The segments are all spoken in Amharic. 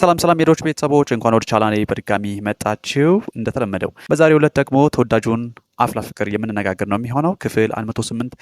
ሰላም ሰላም የዶች ቤተሰቦች እንኳን ወደ ቻላኔ በድጋሚ መጣችሁ። እንደተለመደው በዛሬው ዕለት ደግሞ ተወዳጁን አፍላ ፍቅር የምንነጋገር ነው የሚሆነው ክፍል 108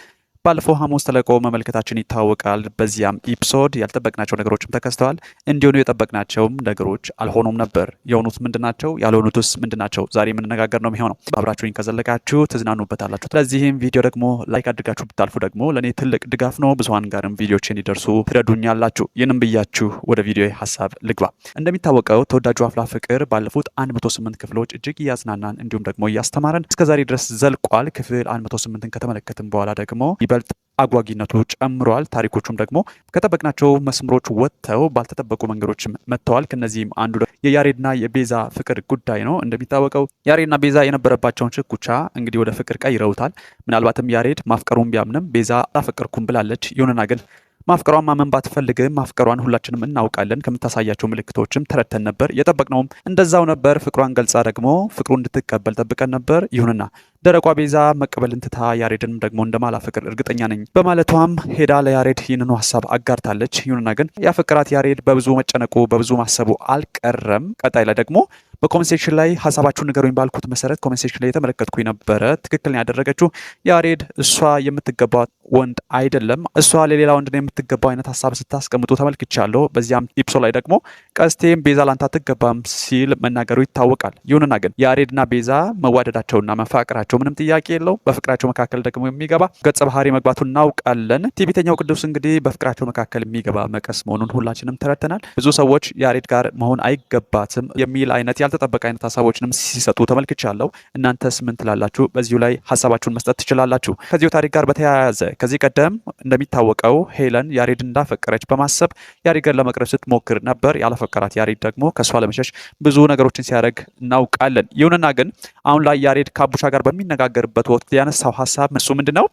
ባለፈው ሐሙስ ተለቆ መመልከታችን ይታወቃል። በዚያም ኢፕሶድ ያልጠበቅናቸው ነገሮችም ተከስተዋል። እንዲሆኑ የጠበቅናቸውም ነገሮች አልሆኑም ነበር። የሆኑት ምንድናቸው? ያልሆኑትስ ምንድናቸው? ዛሬ የምንነጋገር ነው የሚሆነው። አብራችሁኝ ከዘለቃችሁ ትዝናኑበታላችሁ። ስለዚህም ቪዲዮ ደግሞ ላይክ አድርጋችሁ ብታልፉ ደግሞ ለእኔ ትልቅ ድጋፍ ነው። ብዙሀን ጋርም ቪዲዮች እንዲደርሱ ትረዱኛላችሁ። ይህንም ብያችሁ ወደ ቪዲዮ ሀሳብ ልግባ። እንደሚታወቀው ተወዳጁ አፍላ ፍቅር ባለፉት 108 ክፍሎች እጅግ እያዝናናን እንዲሁም ደግሞ እያስተማረን እስከዛሬ ድረስ ዘልቋል። ክፍል 108ን ከተመለከትን በኋላ ደግሞ ይበልጥ አጓጊነቱ ጨምሯል። ታሪኮቹም ደግሞ ከጠበቅናቸው መስመሮች ወጥተው ባልተጠበቁ መንገዶችም መጥተዋል። ከነዚህም አንዱ የያሬድና የቤዛ ፍቅር ጉዳይ ነው። እንደሚታወቀው ያሬድና ቤዛ የነበረባቸውን ሽኩቻ እንግዲህ ወደ ፍቅር ቀይረውታል። ምናልባትም ያሬድ ማፍቀሩን ቢያምንም ቤዛ አላፈቀርኩም ብላለች። ይሁንና ግን ማፍቀሯን ማመን ባትፈልግም ማፍቀሯን ሁላችንም እናውቃለን። ከምታሳያቸው ምልክቶችም ተረድተን ነበር፣ የጠበቅነውም እንደዛው ነበር። ፍቅሯን ገልጻ ደግሞ ፍቅሩ እንድትቀበል ጠብቀን ነበር። ይሁንና ደረቋ ቤዛ መቀበልን ትታ ያሬድንም ደግሞ እንደማላፈቅር እርግጠኛ ነኝ በማለቷም ሄዳ ለያሬድ ይህንኑ ሀሳብ አጋርታለች። ይሁንና ግን ያፈቅራት ያሬድ በብዙ መጨነቁ በብዙ ማሰቡ አልቀረም። ቀጣይ ላይ ደግሞ በኮሜንት ላይ ሀሳባችሁን ንገሩኝ ባልኩት መሰረት ኮሜንት ላይ የተመለከትኩኝ ነበረ። ትክክል ያደረገችው ያሬድ እሷ የምትገባት ወንድ አይደለም፣ እሷ ለሌላ ወንድ ነው የምትገባው አይነት ሀሳብ ስታስቀምጡ ተመልክቻለሁ። በዚያም ኢፕሶ ላይ ደግሞ ቀስቴም ቤዛ ላንተ አትገባም ሲል መናገሩ ይታወቃል። ይሁንና ግን ያሬድና ቤዛ መዋደዳቸውና መፋቅራቸው ምንም ጥያቄ የለው። በፍቅራቸው መካከል ደግሞ የሚገባ ገጸ ባህሪ መግባቱ እናውቃለን። ቲቪተኛው ቅዱስ እንግዲህ በፍቅራቸው መካከል የሚገባ መቀስ መሆኑን ሁላችንም ተረድተናል። ብዙ ሰዎች ያሬድ ጋር መሆን አይገባትም የሚል አይነት ያልተጠበቀ አይነት ሀሳቦችንም ሲሰጡ ተመልክቻለሁ። እናንተስ ምን ትላላችሁ? በዚሁ ላይ ሀሳባችሁን መስጠት ትችላላችሁ። ከዚሁ ታሪክ ጋር በተያያዘ ከዚህ ቀደም እንደሚታወቀው ሄለን ያሬድ እንዳፈቀረች በማሰብ ያሬድን ለመቅረብ ስትሞክር ነበር። ያለፈቀራት ያሬድ ደግሞ ከእሷ ለመሸሽ ብዙ ነገሮችን ሲያደርግ እናውቃለን። ይሁንና ግን አሁን ላይ ያሬድ ከአቡሻ ጋር በሚነጋገርበት ወቅት ያነሳው ሀሳብ እሱ ምንድን ነው?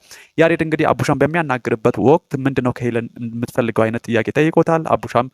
ያሬድ እንግዲህ አቡሻን በሚያናግርበት ወቅት ምንድነው ከሄለን የምትፈልገው አይነት ጥያቄ ጠይቆታል። አቡሻም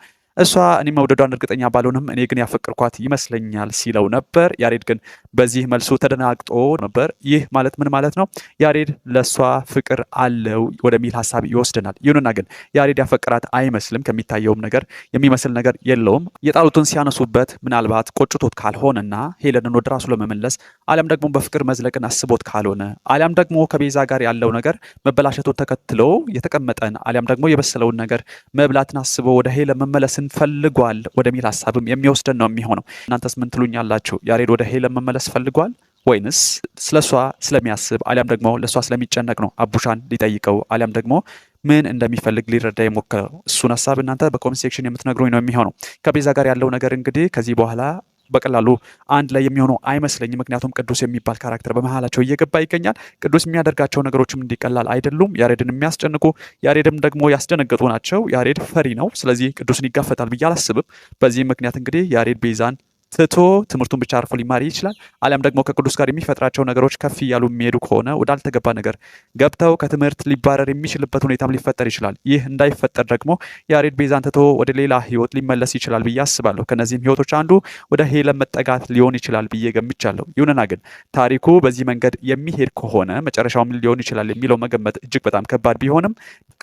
እሷ እኔ መውደዷን እርግጠኛ ባልሆንም እኔ ግን ያፈቅርኳት ይመስለኛል ሲለው ነበር። ያሬድ ግን በዚህ መልሱ ተደናግጦ ነበር። ይህ ማለት ምን ማለት ነው? ያሬድ ለእሷ ፍቅር አለው ወደሚል ሀሳብ ይወስደናል። ይሁንና ግን ያሬድ ያፈቅራት አይመስልም። ከሚታየውም ነገር የሚመስል ነገር የለውም። የጣሉትን ሲያነሱበት ምናልባት ቆጭቶት ካልሆነና ሄለንን ወደ ራሱ ለመመለስ አሊያም ደግሞ በፍቅር መዝለቅን አስቦት ካልሆነ አሊያም ደግሞ ከቤዛ ጋር ያለው ነገር መበላሸቱን ተከትሎ የተቀመጠን አሊያም ደግሞ የበሰለውን ነገር መብላትን አስቦ ወደ ሄለን መመለስን ፈልጓል ወደሚል ሀሳብም የሚወስደን ነው የሚሆነው። እናንተስ ምን ትሉኛላችሁ? ያሬድ ወደ ሄለን መመለስ ፈልጓል ወይንስ ስለ እሷ ስለሚያስብ አሊያም ደግሞ ለእሷ ስለሚጨነቅ ነው አቡሻን ሊጠይቀው አሊያም ደግሞ ምን እንደሚፈልግ ሊረዳ የሞከረው? እሱን ሀሳብ እናንተ በኮሜንት ሴክሽን የምትነግሩኝ ነው የሚሆነው። ከቤዛ ጋር ያለው ነገር እንግዲህ ከዚህ በኋላ በቀላሉ አንድ ላይ የሚሆኑ አይመስለኝም። ምክንያቱም ቅዱስ የሚባል ካራክተር በመሀላቸው እየገባ ይገኛል። ቅዱስ የሚያደርጋቸው ነገሮችም እንዲቀላል አይደሉም። ያሬድን የሚያስጨንቁ ያሬድም ደግሞ ያስደነገጡ ናቸው። ያሬድ ፈሪ ነው። ስለዚህ ቅዱስን ይጋፈጣል ብዬ አላስብም። በዚህ ምክንያት እንግዲህ ያሬድ ቤዛን ትቶ ትምህርቱን ብቻ አርፎ ሊማር ይችላል። አሊያም ደግሞ ከቅዱስ ጋር የሚፈጥራቸው ነገሮች ከፍ እያሉ የሚሄዱ ከሆነ ወዳልተገባ ነገር ገብተው ከትምህርት ሊባረር የሚችልበት ሁኔታም ሊፈጠር ይችላል። ይህ እንዳይፈጠር ደግሞ ያሬድ ቤዛን ትቶ ወደ ሌላ ህይወት ሊመለስ ይችላል ብዬ አስባለሁ። ከነዚህም ህይወቶች አንዱ ወደ ሄለን መጠጋት ሊሆን ይችላል ብዬ ገምቻለሁ። ይሁንና ግን ታሪኩ በዚህ መንገድ የሚሄድ ከሆነ መጨረሻውም ሊሆን ይችላል የሚለው መገመት እጅግ በጣም ከባድ ቢሆንም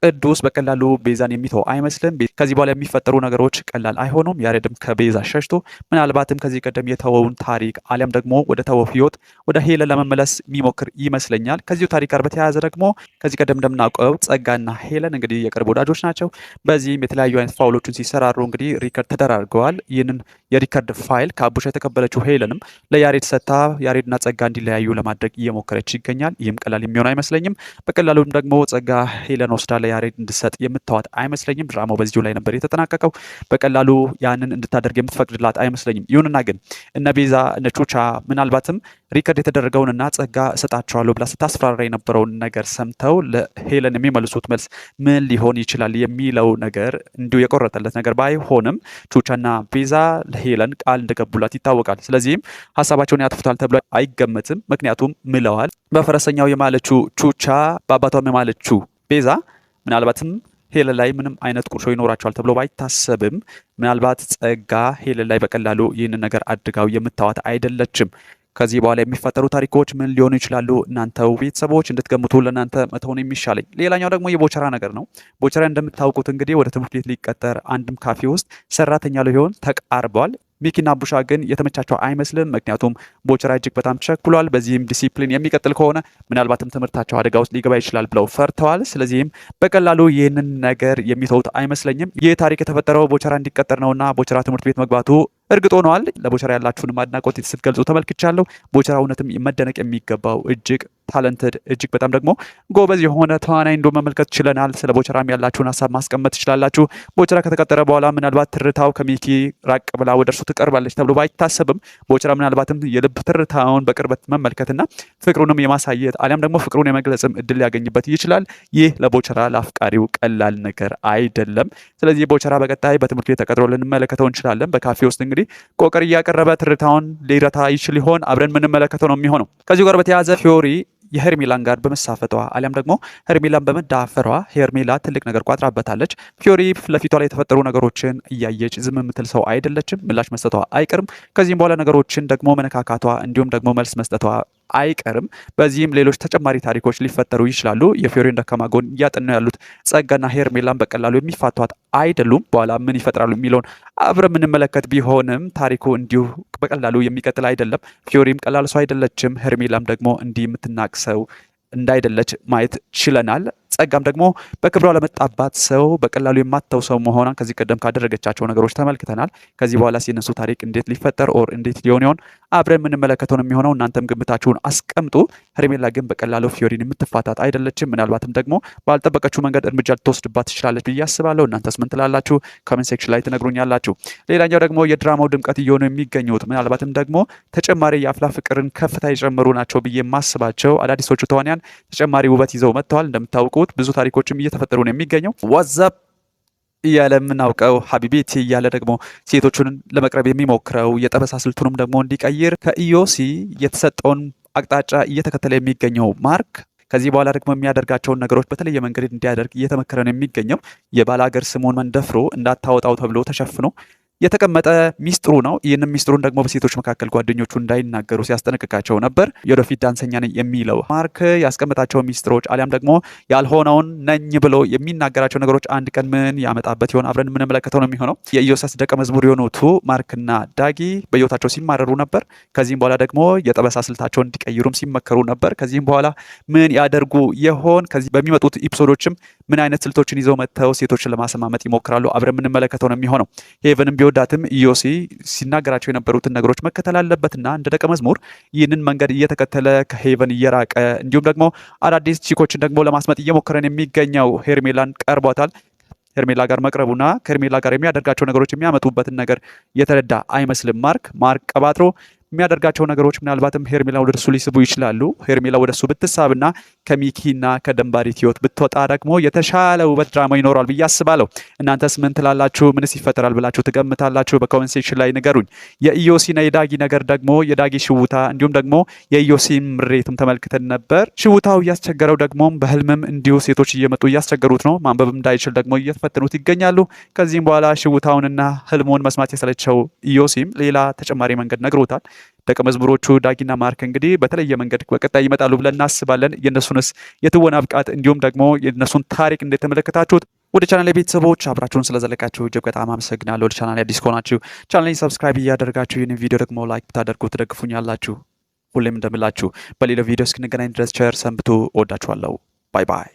ቅዱስ በቀላሉ ቤዛን የሚተው አይመስልም። ከዚህ በኋላ የሚፈጠሩ ነገሮች ቀላል አይሆኑም። ያሬድም ከቤዛ ሸሽቶ ምናልባት ማለትም ከዚህ ቀደም የተወውን ታሪክ አሊያም ደግሞ ወደ ተወው ህይወት ወደ ሄለ ለመመለስ የሚሞክር ይመስለኛል። ከዚሁ ታሪክ ጋር በተያያዘ ደግሞ ከዚህ ቀደም እንደምናውቀው ጸጋና ሄለን እንግዲህ የቅርብ ወዳጆች ናቸው። በዚህም የተለያዩ አይነት ፋውሎችን ሲሰራሩ እንግዲህ ሪከርድ ተደራርገዋል። ይህንን የሪከርድ ፋይል ከአቡሻ የተቀበለችው ሄለንም ለያሬድ ሰታ ያሬድና ጸጋ እንዲለያዩ ለማድረግ እየሞከረች ይገኛል። ይህም ቀላል የሚሆን አይመስለኝም። በቀላሉም ደግሞ ጸጋ ሄለን ወስዳ ለያሬድ እንድሰጥ የምታዋት አይመስለኝም። ድራማው በዚሁ ላይ ነበር የተጠናቀቀው። በቀላሉ ያንን እንድታደርግ የምትፈቅድላት አይመስለኝም። ይሁንና ግን እነ ቤዛ እነ ቹቻ ምናልባትም ሪከርድ የተደረገውንና ጸጋ እሰጣቸዋለሁ ብላ ስታስፈራራ የነበረውን ነገር ሰምተው ለሄለን የሚመልሱት መልስ ምን ሊሆን ይችላል የሚለው ነገር እንዲሁ የቆረጠለት ነገር ባይሆንም ቹቻና ቤዛ ለሄለን ቃል እንደገቡላት ይታወቃል። ስለዚህም ሀሳባቸውን ያጥፉታል ተብሎ አይገመትም። ምክንያቱም ምለዋል። በፈረሰኛው የማለችው ቹቻ፣ በአባቷም የማለችው ቤዛ ምናልባትም ሄለን ላይ ምንም አይነት ቁርሾ ይኖራቸዋል ተብሎ ባይታሰብም ምናልባት ጸጋ ሄል ላይ በቀላሉ ይህንን ነገር አድጋው የምታዋት አይደለችም። ከዚህ በኋላ የሚፈጠሩ ታሪኮች ምን ሊሆኑ ይችላሉ? እናንተው ቤተሰቦች እንድትገምቱ ለእናንተ መተውን የሚሻለኝ። ሌላኛው ደግሞ የቦቸራ ነገር ነው። ቦቸራ እንደምታውቁት እንግዲህ ወደ ትምህርት ቤት ሊቀጠር አንድም ካፌ ውስጥ ሰራተኛ ሊሆን ተቃርቧል። ሚኪና ቡሻ ግን የተመቻቸው አይመስልም። ምክንያቱም ቦቸራ እጅግ በጣም ቸኩሏል። በዚህም ዲሲፕሊን የሚቀጥል ከሆነ ምናልባትም ትምህርታቸው አደጋ ውስጥ ሊገባ ይችላል ብለው ፈርተዋል። ስለዚህም በቀላሉ ይህንን ነገር የሚተውት አይመስለኝም። ይህ ታሪክ የተፈጠረው ቦቸራ እንዲቀጠር ነውና ቦቸራ ትምህርት ቤት መግባቱ እርግጥ ሆነዋል። ለቦቸራ ያላችሁንም አድናቆት ስትገልጹ ተመልክቻለሁ። ቦቸራ እውነትም መደነቅ የሚገባው እጅግ ታለንትድ እጅግ በጣም ደግሞ ጎበዝ የሆነ ተዋናይ እንዶ መመልከት ችለናል። ስለ ቦቸራም ያላችሁን ሀሳብ ማስቀመጥ ትችላላችሁ። ቦቸራ ከተቀጠረ በኋላ ምናልባት ትርታው ከሚኪ ራቅ ብላ ወደ እርሱ ትቀርባለች ተብሎ ባይታሰብም ቦቸራ ምናልባትም የልብ ትርታውን በቅርበት መመልከትና ፍቅሩንም የማሳየት አሊያም ደግሞ ፍቅሩን የመግለጽም እድል ሊያገኝበት ይችላል። ይህ ለቦቸራ ለአፍቃሪው ቀላል ነገር አይደለም። ስለዚህ ቦቸራ በቀጣይ በትምህርት ቤት ተቀጥሮ ልንመለከተው እንችላለን። በካፌ ውስጥ እንግዲህ ቆቀር እያቀረበ ትርታውን ሊረታ ይችል ይሆን? አብረን የምንመለከተው ነው የሚሆነው። ከዚሁ ጋር በተያያዘ ፊዮሪ የሄርሚላን ጋር በመሳፈጧ አሊያም ደግሞ ሄርሚላን በመዳፈሯ ሄርሜላ ትልቅ ነገር ቋጥራበታለች። ፊዮሪ ፊት ለፊቷ ላይ የተፈጠሩ ነገሮችን እያየች ዝም የምትል ሰው አይደለችም። ምላሽ መስጠቷ አይቀርም። ከዚህም በኋላ ነገሮችን ደግሞ መነካካቷ እንዲሁም ደግሞ መልስ መስጠቷ አይቀርም። በዚህም ሌሎች ተጨማሪ ታሪኮች ሊፈጠሩ ይችላሉ። የፊዮሪን ደካማ ጎን እያጠኑ ያሉት ጸጋና ሄርሜላን በቀላሉ የሚፋቷት አይደሉም። በኋላ ምን ይፈጥራሉ የሚለውን አብረ የምንመለከት ቢሆንም ታሪኩ እንዲሁ በቀላሉ የሚቀጥል አይደለም። ፊዮሪም ቀላል ሰው አይደለችም። ሄርሜላም ደግሞ እንዲህ የምትናቅሰው እንዳይደለች ማየት ችለናል። ጸጋም ደግሞ በክብሯ ለመጣባት ሰው በቀላሉ የማተው ሰው መሆኗን ከዚህ ቀደም ካደረገቻቸው ነገሮች ተመልክተናል። ከዚህ በኋላ ሲነሱ ታሪክ እንዴት ሊፈጠር ኦር እንዴት ሊሆን ይሆን አብረን የምንመለከተው ነው የሚሆነው። እናንተም ግምታችሁን አስቀምጡ። ሄርሜላ ግን በቀላሉ ፊዮሪን የምትፋታት አይደለችም። ምናልባትም ደግሞ ባልጠበቀችው መንገድ እርምጃ ልትወስድባት ትችላለች ብዬ አስባለሁ። እናንተስ ምን ትላላችሁ? ኮሜንት ሴክሽን ላይ ትነግሩኛላችሁ። ሌላኛው ደግሞ የድራማው ድምቀት እየሆኑ የሚገኙት ምናልባትም ደግሞ ተጨማሪ የአፍላ ፍቅርን ከፍታ የጨመሩ ናቸው ብዬ የማስባቸው አዳዲሶቹ ተዋንያን ተጨማሪ ውበት ይዘው መጥተዋል። እንደምታውቁ የምታስቡት ብዙ ታሪኮችም እየተፈጠሩ ነው የሚገኘው ዋዛፕ እያለ የምናውቀው ሀቢቤቲ እያለ ደግሞ ሴቶቹን ለመቅረብ የሚሞክረው የጠበሳ ስልቱንም ደግሞ እንዲቀይር ከኢዮሲ የተሰጠውን አቅጣጫ እየተከተለ የሚገኘው ማርክ ከዚህ በኋላ ደግሞ የሚያደርጋቸውን ነገሮች በተለየ መንገድ እንዲያደርግ እየተመከረ ነው የሚገኘው። የባላገር ስሙን መንደፍሮ እንዳታወጣው ተብሎ ተሸፍኖ የተቀመጠ ሚስጥሩ ነው። ይህንም ሚስጥሩን ደግሞ በሴቶች መካከል ጓደኞቹ እንዳይናገሩ ሲያስጠነቅቃቸው ነበር። የወደፊት ዳንሰኛ ነኝ የሚለው ማርክ ያስቀመጣቸው ሚስጥሮች አሊያም ደግሞ ያልሆነውን ነኝ ብሎ የሚናገራቸው ነገሮች አንድ ቀን ምን ያመጣበት ይሆን አብረን የምንመለከተው ነው የሚሆነው። የኢዮሳስ ደቀ መዝሙር የሆኑቱ ማርክና ዳጊ በሕይወታቸው ሲማረሩ ነበር። ከዚህም በኋላ ደግሞ የጠበሳ ስልታቸውን እንዲቀይሩም ሲመከሩ ነበር። ከዚህም በኋላ ምን ያደርጉ ይሆን? ከዚህ በሚመጡት ኢፕሶዶችም ምን አይነት ስልቶችን ይዘው መጥተው ሴቶችን ለማሰማመጥ ይሞክራሉ? አብረን የምንመለከተው ነው የሚሆነው። ሄቨንም ቢወዳትም ኢዮሲ ሲናገራቸው የነበሩትን ነገሮች መከተል አለበትና እንደ ደቀ መዝሙር ይህንን መንገድ እየተከተለ ከሄቨን እየራቀ እንዲሁም ደግሞ አዳዲስ ቺኮችን ደግሞ ለማስመጥ እየሞከረን የሚገኘው ሄርሜላን ቀርቧታል። ሄርሜላ ጋር መቅረቡና ከሄርሜላ ጋር የሚያደርጋቸው ነገሮች የሚያመጡበትን ነገር የተረዳ አይመስልም። ማርክ ማርክ ቀባጥሮ የሚያደርጋቸው ነገሮች ምናልባትም ሄርሜላ ወደ እሱ ሊስቡ ይችላሉ። ሄርሜላ ወደ እሱ ብትሳብና ከሚኪና ከደንባሪት ህይወት ብትወጣ ደግሞ የተሻለ ውበት ድራማ ይኖራል ብዬ አስባለሁ። እናንተስ ምን ትላላችሁ? ምንስ ይፈጠራል ብላችሁ ትገምታላችሁ? በኮመንት ሴክሽን ላይ ንገሩኝ። የኢዮሲና የዳጊ ነገር ደግሞ የዳጊ ሽውታ እንዲሁም ደግሞ የኢዮሲ ምሬትም ተመልክተን ነበር። ሽውታው እያስቸገረው ደግሞ በህልምም እንዲሁ ሴቶች እየመጡ እያስቸገሩት ነው። ማንበብ እንዳይችል ደግሞ እየተፈተኑት ይገኛሉ። ከዚህም በኋላ ሽውታውንና ህልሙን መስማት የሰለቸው ኢዮሲም ሌላ ተጨማሪ መንገድ ነግሮታል። ደቀ መዝሙሮቹ ዳጊና ማርክ እንግዲህ በተለየ መንገድ በቀጣይ ይመጣሉ ብለን እናስባለን። የእነሱንስ የትወና ብቃት እንዲሁም ደግሞ የእነሱን ታሪክ እንደተመለከታችሁት ወደ ቻናል ቤተሰቦች አብራችሁን ስለዘለቃችሁ እጅግ በጣም አመሰግናለሁ። ወደ ቻናል አዲስ ከሆናችሁ ቻናል ሰብስክራይብ እያደረጋችሁ ይህን ቪዲዮ ደግሞ ላይክ ብታደርጉ ትደግፉኛላችሁ። ሁሌም እንደምላችሁ በሌላ ቪዲዮ እስክንገናኝ ድረስ ቸር ሰንብቱ። እወዳችኋለሁ። ባይ ባይ።